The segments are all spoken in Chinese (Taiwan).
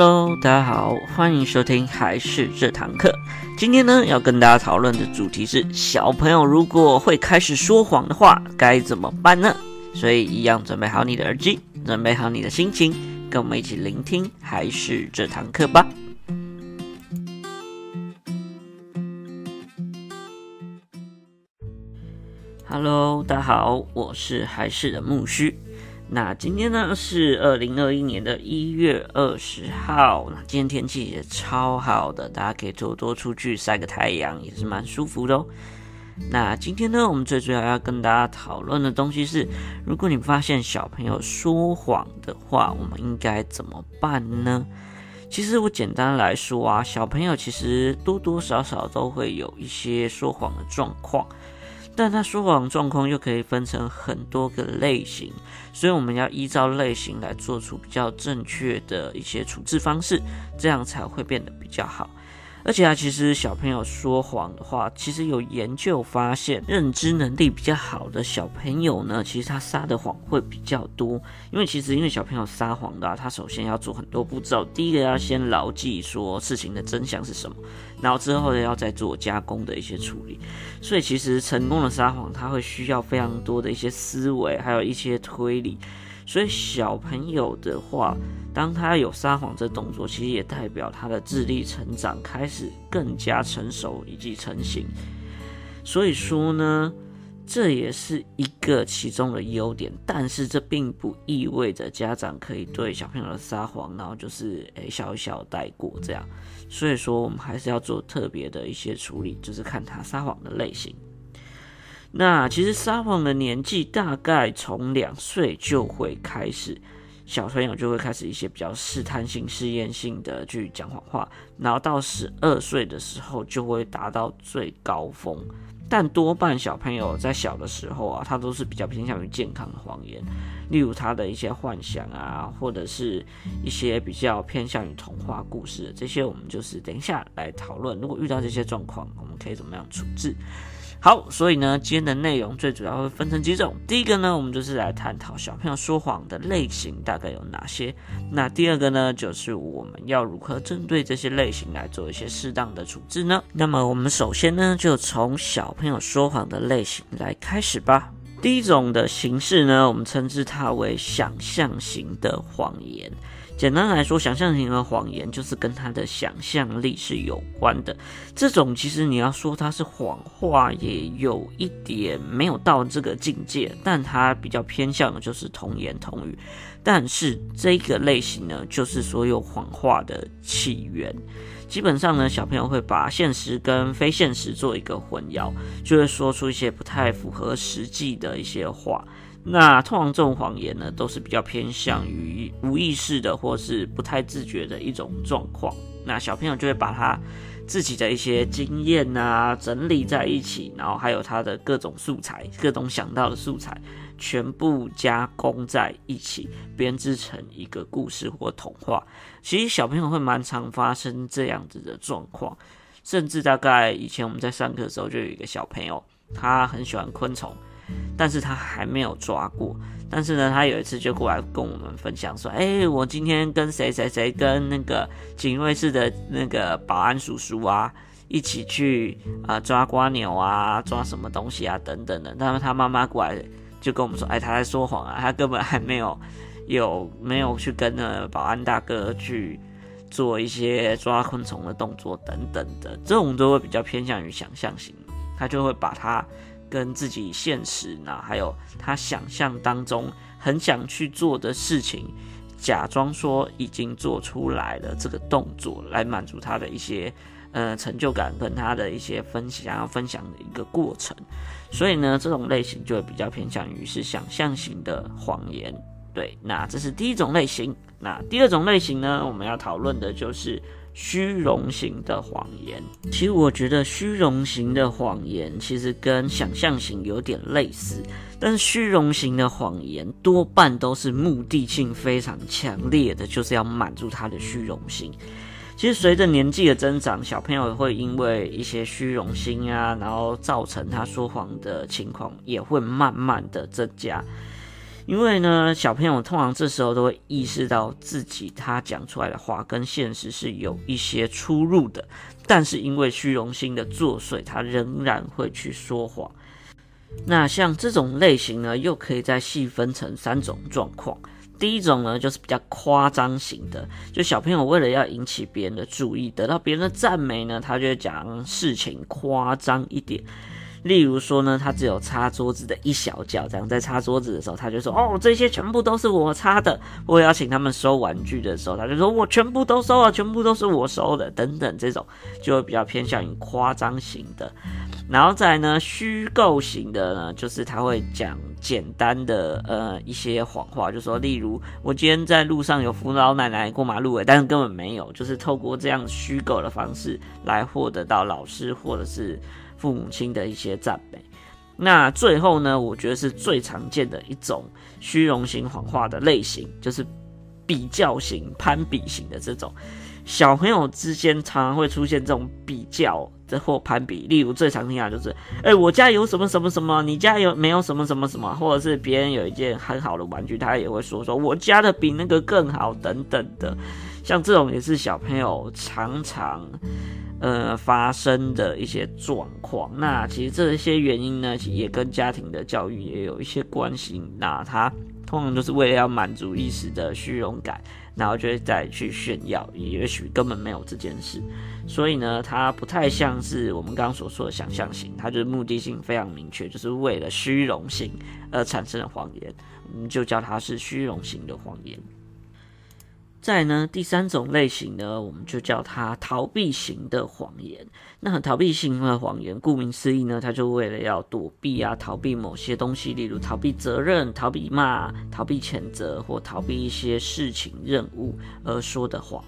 Hello，大家好，歡迎收聽孩事這堂課。今天呢，要跟大家討論的主題是：小朋友如果會開始說謊的話，該怎麼辦呢？所以，一樣準備好你的耳機，準備好你的心情，跟我們一起聆聽孩事這堂課吧。Hello，大家好，我是孩事的牧師。那今天呢是二零二一年的一月二十號，那今天天氣也超好的，大家可以多多出去曬個太陽，也是蠻舒服的哦。那今天呢，我們最主要要跟大家討論的東西是，如果你發現小朋友說謊的話，我們應該怎麼辦呢？其實我簡單來說啊，小朋友其實多多少少都會有一些說謊的狀況。但它說謊狀況又可以分成很多個類型，所以我們要依照類型來做出比較正確的一些處置方式，這樣才會變得比較好。而且啊，其實小朋友說謊的話，其實有研究發現，認知能力比較好的小朋友呢，其實他撒的謊會比較多。因為其實，因為小朋友撒謊的、啊，他首先要做很多步驟，第一個要先牢記說事情的真相是什麼，然後之後呢要再做加工的一些處理。所以，其實成功的撒謊，他會需要非常多的一些思維，還有一些推理。所以小朋友的話，當他有撒謊這動作，其實也代表他的智力成長開始更加成熟以及成型。所以說呢，這也是一個其中的優點。但是這並不意味着家長可以對小朋友的撒謊，然後就是誒笑一笑帶過這樣。所以說我們還是要做特別的一些處理，就是看他撒謊的類型。那其實撒謊的年紀大概從兩歲就會開始，小朋友就會開始一些比較試探性、試驗性的去講謊話，然後到十二歲的時候就會達到最高峰。但多半小朋友在小的時候啊，他都是比較偏向於健康的謊言，例如他的一些幻想啊，或者是一些比較偏向於童話故事。這些我們就是等一下來討論，如果遇到這些狀況，我們可以怎麼樣處置？好，所以呢，今天的內容最主要會分成幾種。第一個呢，我們就是來探討小朋友說謊的類型大概有哪些。那第二個呢，就是我們要如何針對這些類型來做一些適當的處置呢？那麼我們首先呢，就從小朋友說謊的類型來開始吧。第一種的形式呢，我們稱之它為想象型的謊言。簡單來說，想象型的謊言就是跟他的想象力是有關的。這種其實你要說它是謊話，也有一點沒有到這個境界，但它比較偏向的就是童言童語。但是這一個類型呢，就是所有謊話的起源。基本上呢，小朋友會把現實跟非現實做一個混淆，就會說出一些不太符合實際的一些話。那通常這種謊言呢，都是比較偏向於無意識的，或是不太自覺的一種狀況。那小朋友就會把他自己的一些經驗啊，整理在一起，然後還有他的各種素材、各種想到的素材，全部加工在一起，編織成一個故事或童話。其實小朋友會蠻常發生這樣子的狀況，甚至大概以前我們在上課的時候，就有一個小朋友，他很喜歡昆蟲。但是他還沒有抓過，但是呢，他有一次就過來跟我們分享說：“哎、欸，我今天跟誰誰誰跟那個警衛室的那個保安叔叔啊，一起去啊、呃、抓蝸牛啊，抓什麼東西啊，等等的。”但是他媽媽過來就跟我們說：“哎、欸，他在說謊啊，他根本還沒有有沒有去跟那保安大哥去做一些抓昆蟲的動作等等的。”這種都會比較偏向於想象型，他就會把他。跟自己現實那還有他想象當中很想去做的事情，假裝說已經做出來了這個動作，來滿足他的一些呃成就感，跟他的一些分享要分享的一個過程。所以呢，這種類型就會比較偏向於是想象型的謊言。對，那這是第一種類型。那第二種類型呢，我們要討論的就是。虛榮型的謊言，其實我覺得虛榮型的謊言其實跟想象型有點類似，但是虛榮型的謊言多半都是目的性非常強烈的，就是要滿足他的虛榮心。其實隨着年紀的增長，小朋友也會因為一些虛榮心啊，然後造成他說謊的情況也會慢慢的增加。因為呢，小朋友通常這時候都會意識到自己他講出來的話跟現實是有一些出入的，但是因為虛榮心的作祟，他仍然會去說謊。那像這種類型呢，又可以再細分成三種狀況。第一種呢，就是比較誇張型的，就小朋友為了要引起別人的注意，得到別人的讚美呢，他就會講事情誇張一點。例如說呢，他只有擦桌子的一小角，這樣在擦桌子的時候，他就說：“哦，這些全部都是我擦的。”我邀請他們收玩具的時候，他就說：“我全部都收了，全部都是我收的。”等等，這種就會比較偏向於誇張型的。然後再呢，虛構型的呢，就是他會講簡單的呃一些謊話，就說例如我今天在路上有扶老奶奶過馬路，但是根本沒有，就是透過這樣虛構的方式來獲得到老師或者是。父母親的一些讚美，那最後呢，我覺得是最常見的一種虛榮型謊話的類型，就是比較型、攀比型的這種。小朋友之間常常會出現這種比較或攀比，例如最常聽到就是“哎、欸，我家有什麼什麼什麼，你家有沒有什麼什麼什麼”，或者是別人有一件很好的玩具，他也會說“說我家的比那個更好”等等的。像這種也是小朋友常常。呃，發生的一些狀況，那其實這些原因呢，其實也跟家庭的教育也有一些關係。那他通常就是為了要滿足一時的虛榮感，然後就會再去炫耀，也許根本沒有這件事。所以呢，他不太像是我們剛剛所說的想象型，他就是目的性非常明確，就是為了虛榮性而產生的謊言，我們就叫它是虛榮型的謊言。在呢，第三種類型呢，我們就叫它逃避型的謊言。那逃避型的謊言，顧名思義呢，它就為了要躲避啊，逃避某些東西，例如逃避責任、逃避罵、逃避譴責或逃避一些事情任務而說的話。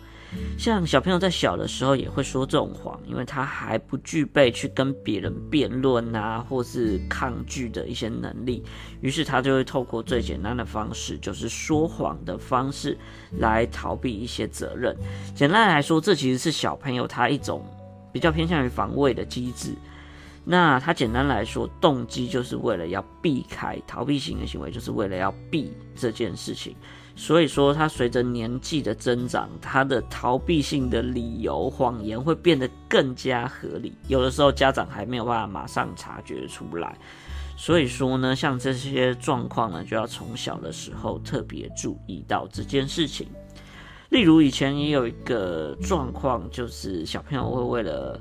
像小朋友在小的時候也會說這種謊，因為他還不具備去跟別人辯論啊，或是抗拒的一些能力，於是他就會透過最簡單的方式，就是說謊的方式來逃避一些責任。簡單來說，這其實是小朋友他一種比較偏向於防衛的機制。那他簡單來說，動機就是為了要避開，逃避型的行為就是為了要避這件事情。所以說，他隨着年紀的增長，他的逃避性的理由、謊言會變得更加合理。有的時候，家長還沒有辦法馬上察覺出來。所以說呢，像這些狀況呢，就要從小的時候特別注意到這件事情。例如，以前也有一個狀況，就是小朋友會為了，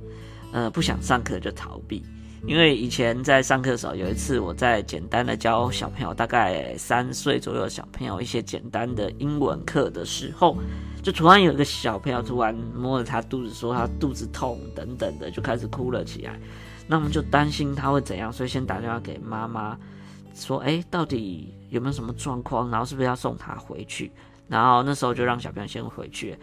呃，不想上課就逃避。因為以前在上課的時候，有一次我在簡單的教小朋友，大概三歲左右小朋友一些簡單的英文課的時候，就突然有一個小朋友突然摸着他肚子說他肚子痛等等的，就開始哭了起來。那我們就擔心他會怎樣，所以先打電話給媽媽說：“哎，到底有沒有什麼狀況？然後是不是要送他回去？”然後那時候就讓小朋友先回去。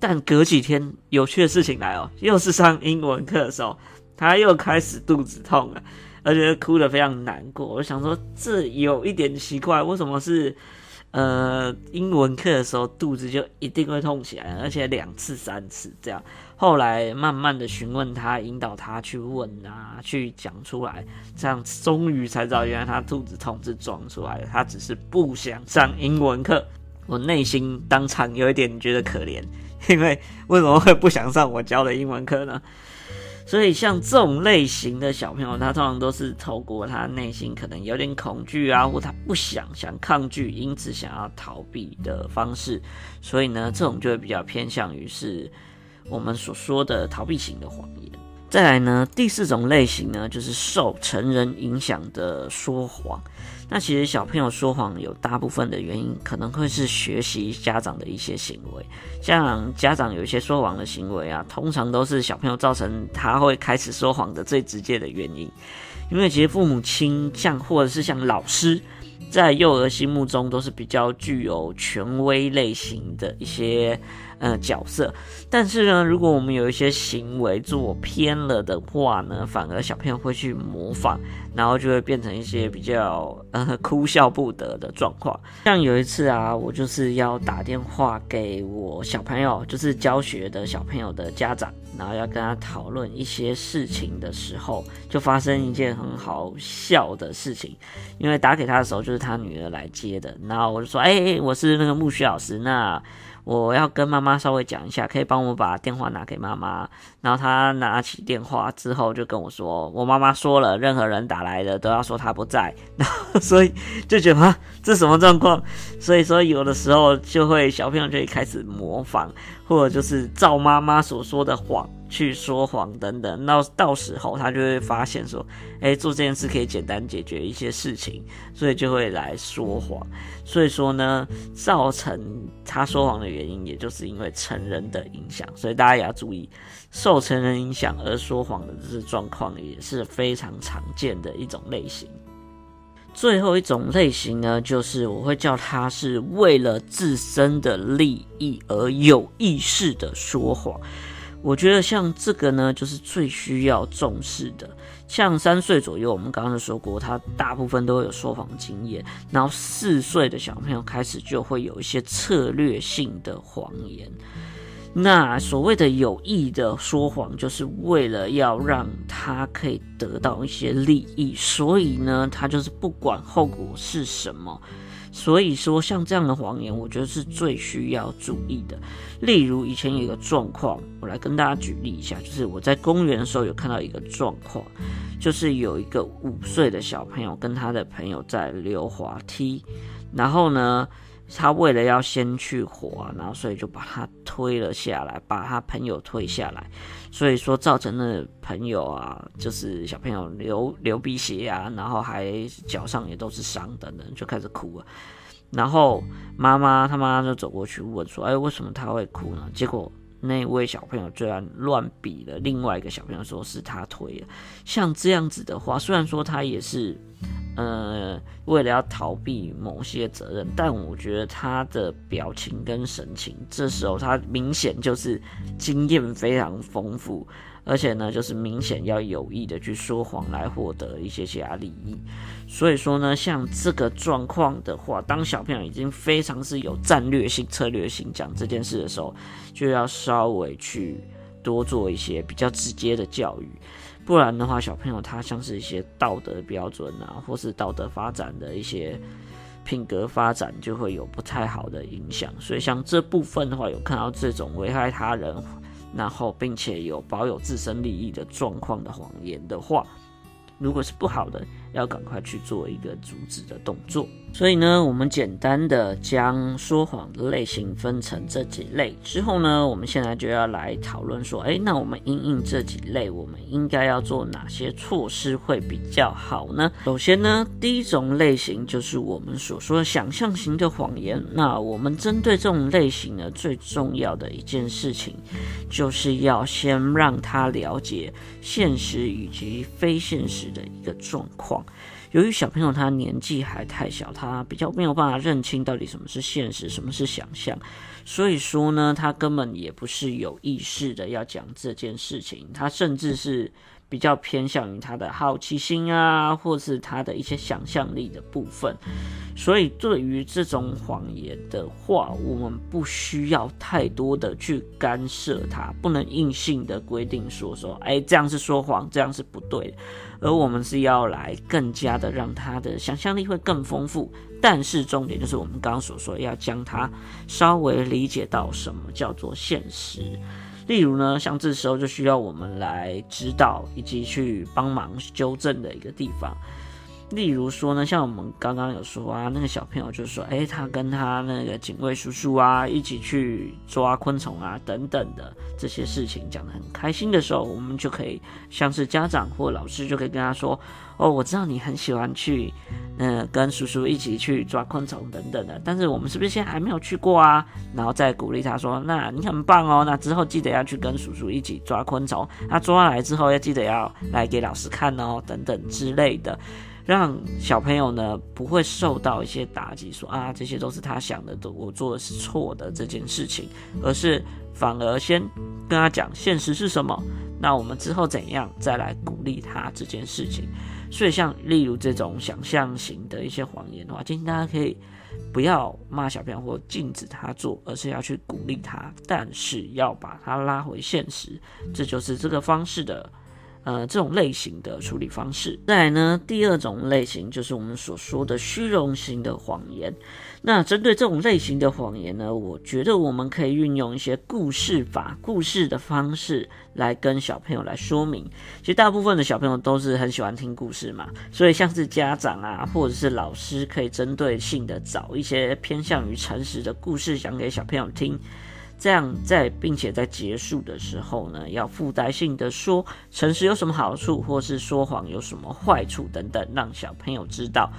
但隔幾天有趣的事情來哦，又是上英文課的時候。他又開始肚子痛了，而且哭得非常難過。我想說，這有一點奇怪，為什麼是呃，英文課的時候肚子就一定會痛起來，而且兩次三次這樣。後來慢慢的詢問他，引導他去問啊，去講出來，這樣終於才知道，原來他肚子痛是裝出來的，他只是不想上英文課。我內心當場有一點覺得可憐，因為為什麼會不想上我教的英文課呢？所以，像這種類型的小朋友，他通常都是透過他內心可能有點恐懼啊，或他不想想抗拒，因此想要逃避的方式。所以呢，這種就會比較偏向於是我們所說的逃避型的謊言。再來呢，第四種類型呢，就是受成人影響的說謊。那其實小朋友說謊有大部分的原因，可能會是學習家長的一些行為。像家長有一些說謊的行為啊，通常都是小朋友造成他會開始說謊的最直接的原因。因為其實父母親像，或者是像老師，在幼兒心目中都是比較具有權威類型的一些。嗯、呃，角色，但是呢，如果我們有一些行為做偏了的話呢，反而小朋友會去模仿，然後就會變成一些比較呃哭笑不得的狀況。像有一次啊，我就是要打電話給我小朋友，就是教學的小朋友的家長，然後要跟他討論一些事情的時候，就發生一件很好笑的事情，因為打給他的時候就是他女兒來接的，然後我就說，哎、欸，我是那個木須老師，那。我要跟媽媽稍微講一下，可以幫我把電話拿給媽媽。然後她拿起電話之後就跟我說：“我媽媽說了，任何人打來的都要說她不在。”然後所以就覺得這什麼狀況？所以說有的時候就會小朋友就會開始模仿。或者就是照媽媽所說的謊去說謊等等，那到時候他就會發現說，哎、欸，做這件事可以簡單解決一些事情，所以就會來說謊。所以說呢，造成他說謊的原因，也就是因為成人的影響。所以大家也要注意，受成人影響而說謊的這些狀況也是非常常見的一種類型。最後一種類型呢，就是我會叫他是為了自身的利益而有意識的說謊。我覺得像這個呢，就是最需要重視的。像三歲左右，我們剛剛說過，他大部分都有說謊經驗。然後四歲的小朋友開始就會有一些策略性的謊言。那所謂的有意的說謊，就是為了要讓。他可以得到一些利益，所以呢，他就是不管後果是什麼。所以說，像這樣的謊言，我覺得是最需要注意的。例如，以前有一個狀況，我來跟大家舉例一下，就是我在公園的時候有看到一個狀況，就是有一個五歲的小朋友跟他的朋友在溜滑梯，然後呢。他為了要先去火啊，然後所以就把他推了下來，把他朋友推下來，所以說造成了朋友啊，就是小朋友流流鼻血啊，然後還腳上也都是傷等等，就開始哭了，然後媽媽他媽就走過去問說：“哎，為什麼他會哭呢？”結果那位小朋友居然亂比了，另外一個小朋友說是他推的，像這樣子的話，雖然說他也是。呃、嗯，為了要逃避某些責任，但我覺得他的表情跟神情，這時候他明顯就是經驗非常豐富，而且呢，就是明顯要有意的去說謊來獲得一些其他利益。所以說呢，像這個狀況的話，當小朋友已經非常是有戰略性、策略性講這件事的時候，就要稍微去多做一些比較直接的教育。不然的話，小朋友他像是一些道德標準啊，或是道德發展的一些品格發展，就會有不太好的影響。所以像這部分的話，有看到這種危害他人，然後並且有保有自身利益的狀況的謊言的話，如果是不好的。要趕快去做一個阻止的動作。所以呢，我們簡單的將說謊的類型分成這幾類之後呢，我們現在就要來討論說，哎，那我們因應這幾類，我們應該要做哪些措施會比較好呢？首先呢，第一種類型就是我們所說的想象型的謊言。那我們針對這種類型呢，最重要的一件事情，就是要先讓他了解現實以及非現實的一個狀況。由於小朋友他年紀還太小，他比較沒有辦法認清到底什麼是現實，什麼是想象，所以說呢，他根本也不是有意識的要講這件事情，他甚至是比較偏向於他的好奇心啊，或是他的一些想象力的部分。所以對於這種謊言的話，我們不需要太多的去干涉他，不能硬性的規定說說，誒，這樣是說謊，這樣是不對。而我們是要來更加的讓他的想象力會更豐富，但是重點就是我們剛剛所說要將他稍微理解到什麼叫做現實。例如呢，像這時候就需要我們來指導以及去幫忙糾正的一個地方。例如說呢，像我們剛剛有說啊，那個小朋友就說，哎、欸，他跟他那個警衛叔叔啊，一起去抓昆蟲啊，等等的這些事情，講得很開心的時候，我們就可以像是家長或老師就可以跟他說，哦，我知道你很喜歡去，嗯、呃，跟叔叔一起去抓昆蟲等等的，但是我們是不是現在還沒有去過啊？然後再鼓勵他說，那你很棒哦，那之後記得要去跟叔叔一起抓昆蟲，那抓來之後要記得要來給老師看哦，等等之類的。讓小朋友呢，不會受到一些打擊，說啊，這些都是他想的，我做的是錯的這件事情，而是反而先跟他講現實是什麼，那我們之後怎樣再來鼓勵他這件事情。所以像例如這種想象型的一些謊言的話，建議大家可以不要罵小朋友或禁止他做，而是要去鼓勵他，但是要把他拉回現實，這就是這個方式的。呃，這種類型的處理方式，再來呢，第二種類型就是我們所說的虛榮型的謊言。那針對這種類型的謊言呢，我覺得我們可以運用一些故事法、故事的方式來跟小朋友來說明。其實大部分的小朋友都是很喜歡聽故事嘛，所以像是家長啊，或者是老師，可以針對性的找一些偏向於誠實的故事講給小朋友聽。這樣，在並且在結束的時候呢，要附帶性的說，誠實有什麼好處，或是說謊有什麼壞處等等，讓小朋友知道。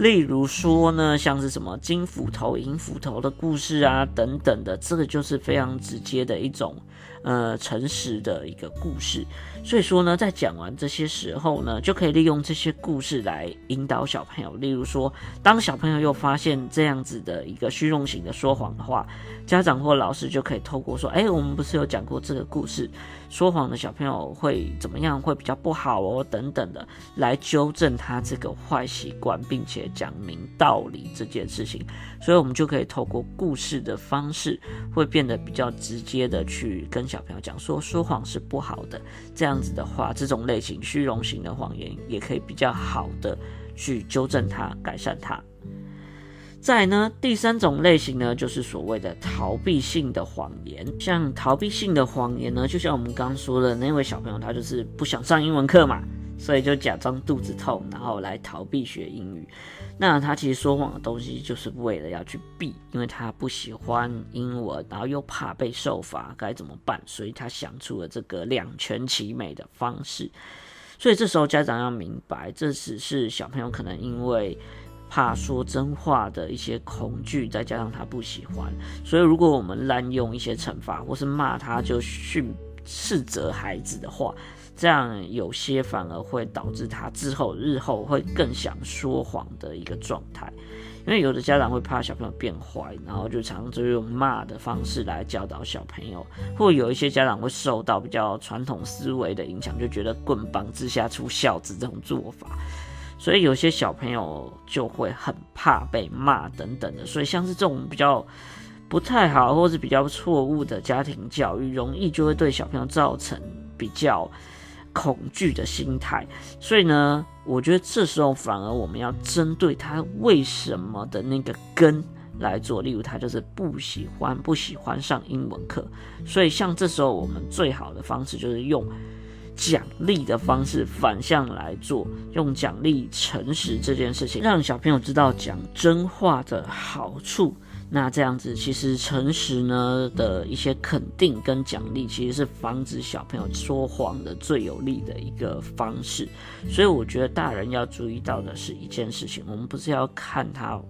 例如說呢，像是什麼金斧頭、銀斧頭的故事啊，等等的，這個就是非常直接的一種，呃，誠實的一個故事。所以說呢，在講完這些時候呢，就可以利用這些故事來引導小朋友。例如說，當小朋友又發現這樣子的一個虛榮型的說謊的話，家長或老師就可以透過說，誒，我們不是有講過這個故事，說謊的小朋友會怎麼樣，會比較不好哦，等等的，來糾正他這個壞習慣，並且。講明道理這件事情，所以我們就可以透過故事的方式，會變得比較直接的去跟小朋友講說，說謊是不好的。這樣子的話，這種類型虛榮型的謊言也可以比較好的去糾正它、改善它。再呢，第三種類型呢，就是所謂的逃避性的謊言。像逃避性的謊言呢，就像我們剛說的那位小朋友，他就是不想上英文課嘛。所以就假裝肚子痛，然後來逃避學英語。那他其實說謊的東西，就是為了要去避，因為他不喜歡英文，然後又怕被受罰，該怎麼辦？所以他想出了這個兩全其美的方式。所以這時候家長要明白，這只是小朋友可能因為怕說真話的一些恐懼，再加上他不喜歡。所以如果我們濫用一些懲罰或是罵他，就訓斥責孩子的話。這樣有些反而會導致他之後日後會更想說謊的一個狀態，因為有的家長會怕小朋友變壞，然後就常常就用罵的方式來教導小朋友，或有一些家長會受到比較傳統思維的影響，就覺得棍棒之下出孝子這種做法，所以有些小朋友就會很怕被罵等等的，所以像是這種比較不太好，或是比較錯誤的家庭教育，容易就會對小朋友造成比較。恐懼的心態，所以呢，我覺得這時候反而我們要針對他為什麼的那個根來做。例如，他就是不喜歡不喜歡上英文課，所以像這時候我們最好的方式就是用獎勵的方式反向來做，用獎勵誠實這件事情，讓小朋友知道講真話的好處。那這樣子，其實誠實呢的一些肯定跟獎勵，其實是防止小朋友說謊的最有力的一個方式。所以我覺得大人要注意到的是一件事情，我們不是要看他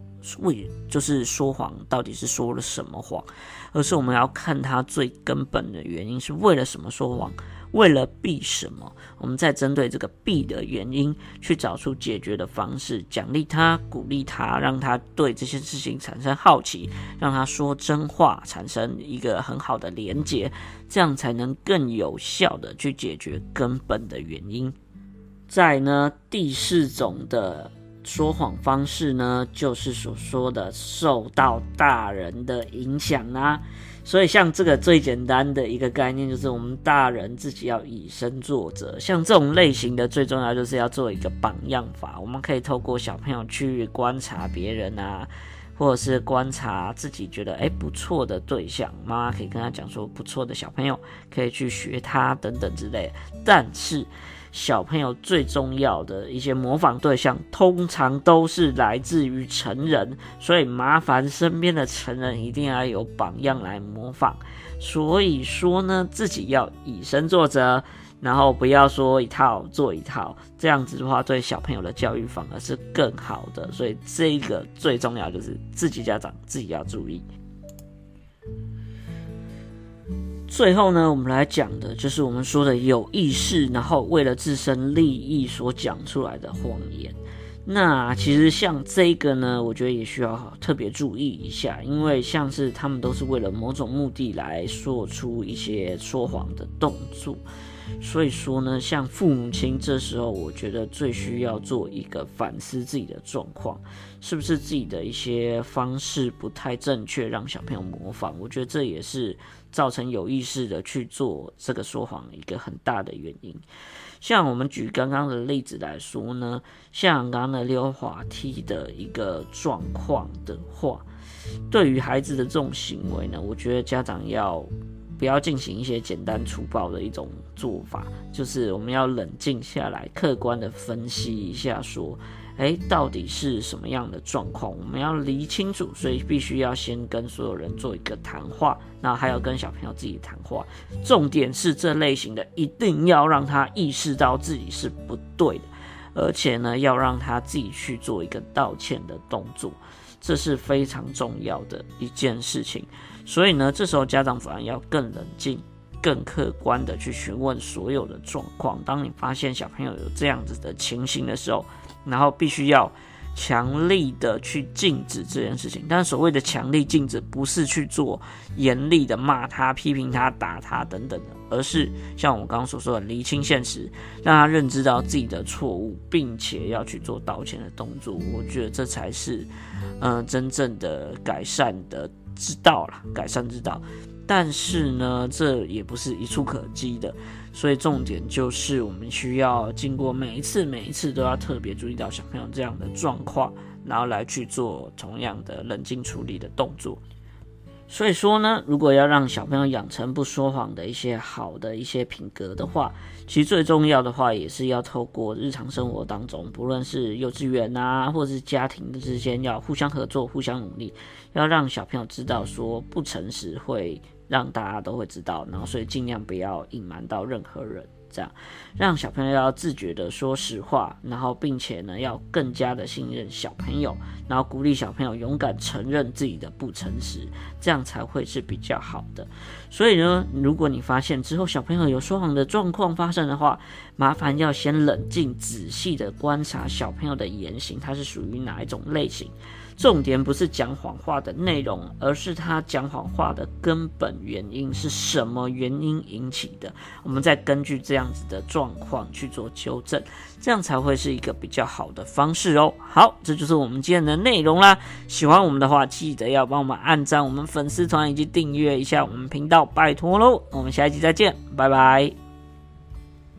為就是說謊到底是說了什麼謊，而是我們要看他最根本的原因是為了什麼說謊。為了避什麼，我們再針對這個避的原因去找出解決的方式，獎勵他，鼓勵他，讓他對這些事情產生好奇，讓他說真話，產生一個很好的連結，這樣才能更有效的去解決根本的原因。再呢，第四種的說謊方式呢，就是所說的受到大人的影響啊。所以，像這個最簡單的一個概念，就是我們大人自己要以身作則。像這種類型的，最重要就是要做一個榜樣法。我們可以透過小朋友去觀察別人啊，或者是觀察自己覺得誒、欸、不錯的對象，媽媽可以跟他講說，不錯的小朋友可以去學他等等之類。但是，小朋友最重要的一些模仿對象，通常都是來自於成人，所以麻煩身邊的成人一定要有榜樣來模仿。所以說呢，自己要以身作則，然後不要說一套做一套，這樣子的話，對小朋友的教育反而是更好的。所以這個最重要就是自己家長自己要注意。最後呢，我們來講的就是我們說的有意識，然後為了自身利益所講出來的謊言。那其實像這一個呢，我覺得也需要特別注意一下，因為像是他們都是為了某種目的來說出一些說謊的動作。所以說呢，像父母親這時候，我覺得最需要做一個反思自己的狀況，是不是自己的一些方式不太正確，讓小朋友模仿。我覺得這也是。造成有意識的去做這個說謊一個很大的原因。像我們舉剛剛的例子來說呢，像剛剛的溜滑梯的一個狀況的話，對於孩子的這種行為呢，我覺得家長要不要進行一些簡單粗暴的一種做法，就是我們要冷靜下來，客觀的分析一下說。欸，到底是什麼樣的狀況？我們要理清楚，所以必須要先跟所有人做一個談話，那還要跟小朋友自己談話。重點是這類型的，一定要讓他意識到自己是不對的，而且呢，要讓他自己去做一個道歉的動作，這是非常重要的一件事情。所以呢，這時候家長反而要更冷靜、更客觀的去詢問所有的狀況。當你發現小朋友有這樣子的情形的時候，然後必須要強力的去禁止這件事情，但所謂的強力禁止，不是去做嚴厲的罵他、批評他、打他等等的，而是像我剛剛所說的，釐清現實，讓他認知到自己的錯誤，並且要去做道歉的動作。我覺得這才是，嗯、呃，真正的改善的之道啦，改善之道。但是呢，這也不是一蹴可幾的，所以重點就是我們需要經過每一次、每一次都要特別注意到小朋友這樣的狀況，然後來去做同樣的冷靜處理的動作。所以說呢，如果要讓小朋友養成不說謊的一些好的一些品格的話，其實最重要的話也是要透過日常生活當中，不論是幼稚園啊，或者是家庭之間要互相合作、互相努力，要讓小朋友知道說不誠實會。讓大家都會知道，然後所以盡量不要隱瞞到任何人，這樣讓小朋友要自覺的說實話，然後並且呢要更加的信任小朋友，然後鼓勵小朋友勇敢承認自己的不誠實，這樣才會是比較好的。所以呢，如果你發現之後小朋友有說謊的狀況發生的話，麻煩要先冷靜、仔細的觀察小朋友的言行，他是屬於哪一種類型。重點不是講謊話的內容，而是他講謊話的根本原因是什麼原因引起的。我們再根據這樣子的狀況去做糾正，這樣才會是一個比較好的方式哦。好，這就是我們今天的內容啦。喜歡我們的話，記得要幫我們按讚、我們粉絲團以及訂閱一下我們頻道，拜托嘍。我們下一集再見，拜拜。